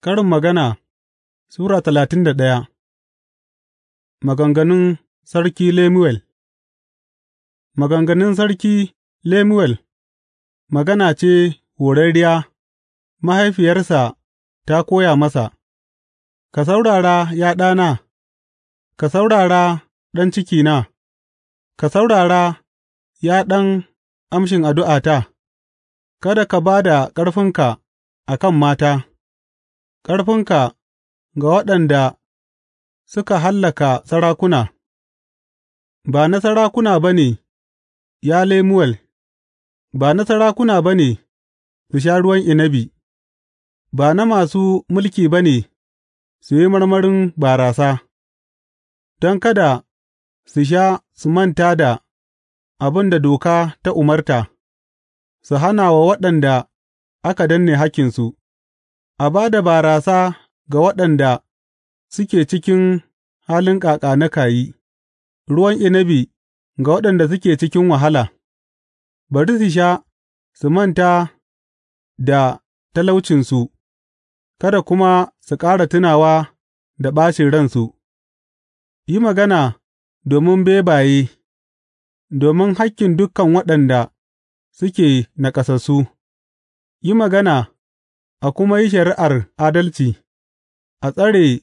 Karin Magana Sura talatin da ɗaya. Maganganun Sarki Lemuel. Maganganun Sarki Lemuel. magana ce horarriya mahaifiyarsa ta koya masa, Ka saurara, ya ɗana, ka saurara, ɗan cikina, ka saurara, ya ɗan amshin addu'ata, kada ka ba da ƙarfinka a kan mata. ƙarfinka ga waɗanda suka hallaka sarakuna, ba na sarakuna ba ne, ya Lemuwel, ba na sarakuna ba ne su sha ruwan inabi, ba na masu mulki ba ne su yi marmarin barasa, don kada su sha su manta da abin da doka ta umarta, su hana wa waɗanda aka danne hakkinsu. A ba da barasa ga waɗanda suke cikin halin ƙaƙa ka yi, ruwan inabi ga waɗanda suke cikin wahala; bari su sha su manta da talaucinsu kada kuma su ƙara tunawa da ɓacin ransu; yi magana domin bebaye, domin hakkin dukan waɗanda suke naƙasassu, yi magana. a kuma yi shari'ar adalci, a tsare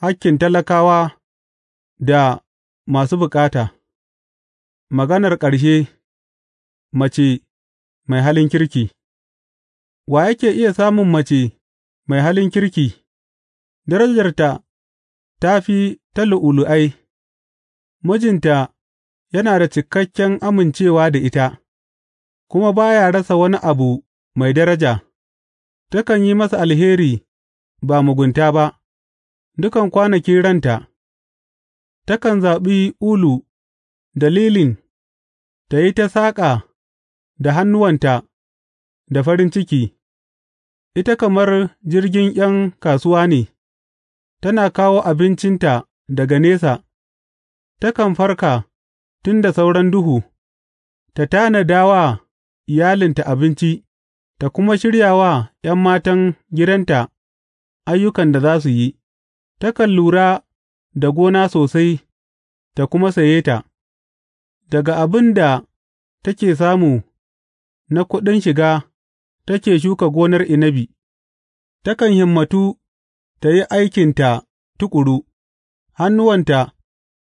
hakkin talakawa da masu bukata, maganar ƙarshe, mace mai halin kirki Wa yake iya samun mace mai halin kirki, darajarta ta fi ta lu'ulu'ai, mijinta yana da cikakken amincewa da ita, kuma ba ya rasa wani abu mai daraja. Takan yi masa alheri ba mugunta ba, dukan kwanakin ranta; takan zaɓi ulu da lilin ta yi ta saƙa da hannuwanta da farin ciki, ita kamar jirgin ’yan kasuwa ne, tana kawo abincinta daga nesa; takan farka tun da sauran duhu ta tanada wa iyalinta abinci. ta kuma shirya wa ’yan matan gidanta ayyukan da za su yi; takan lura da gona sosai ta kuma saye ta, daga abin da take samu na kuɗin shiga take shuka gonar inabi, takan himmatu ta yi aikinta tuƙuru, hannuwanta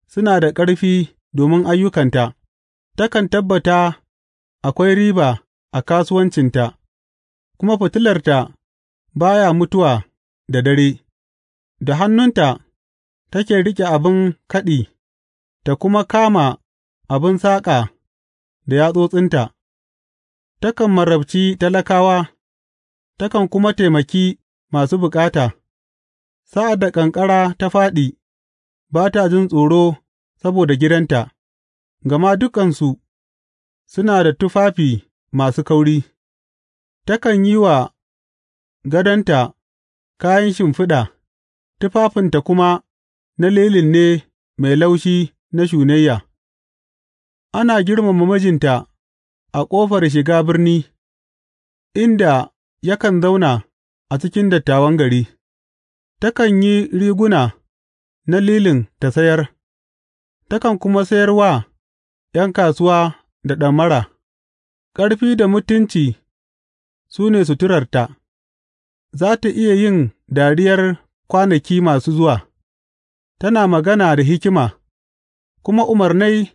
suna da ƙarfi domin ayyukanta, takan tabbata akwai riba a kasuwancinta. kuma fitilarta ba ya mutuwa da dare; da hannunta take riƙe abin kaɗi ta kuma kama abin saƙa da yatsotsinta; takan marabci talakawa takan kuma taimaki masu bukata; sa'ad da ƙanƙara ta fāɗi, ba ta jin tsoro saboda gidanta, gama dukansu suna da tufafi masu kauri. Takan yi wa gadonta kayan shimfiɗa, tufafinta kuma na lilin ne mai laushi na shunayya; ana girmama mijinta a ƙofar shiga birni, inda yakan zauna a cikin dattawan gari; takan yi riguna na lilin ta sayar, takan kuma sayar wa ’yan kasuwa da ɗamara; ƙarfi da mutunci. su ne suturarta; za ta iya yin dariyar kwanaki masu zuwa, tana magana da hikima, kuma umarnai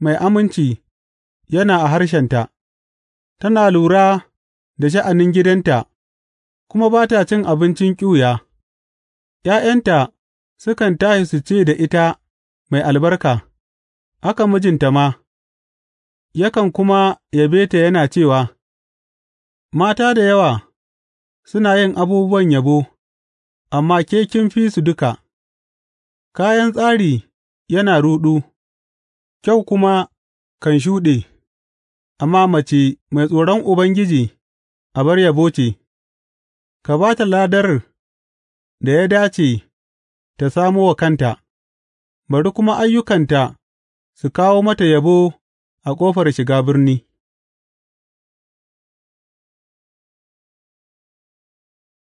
mai aminci yana a harshenta; tana lura da sha'anin gidanta kuma ba ta cin abincin ƙyuya; ’ya'yanta sukan tashi su ce da ita mai albarka, haka mijinta ma, yakan kuma yabe ta yana cewa. Mata da yawa suna yin abubuwan yabo, amma ke kin fi su duka; kayan tsari yana ruɗu, kyau kuma kan shuɗe, amma mace mai tsoron Ubangiji a bar yabo ce, ka ba ta ladar da ya dace ta samo wa kanta, bari kuma ayyukanta su kawo mata yabo a ƙofar shiga birni.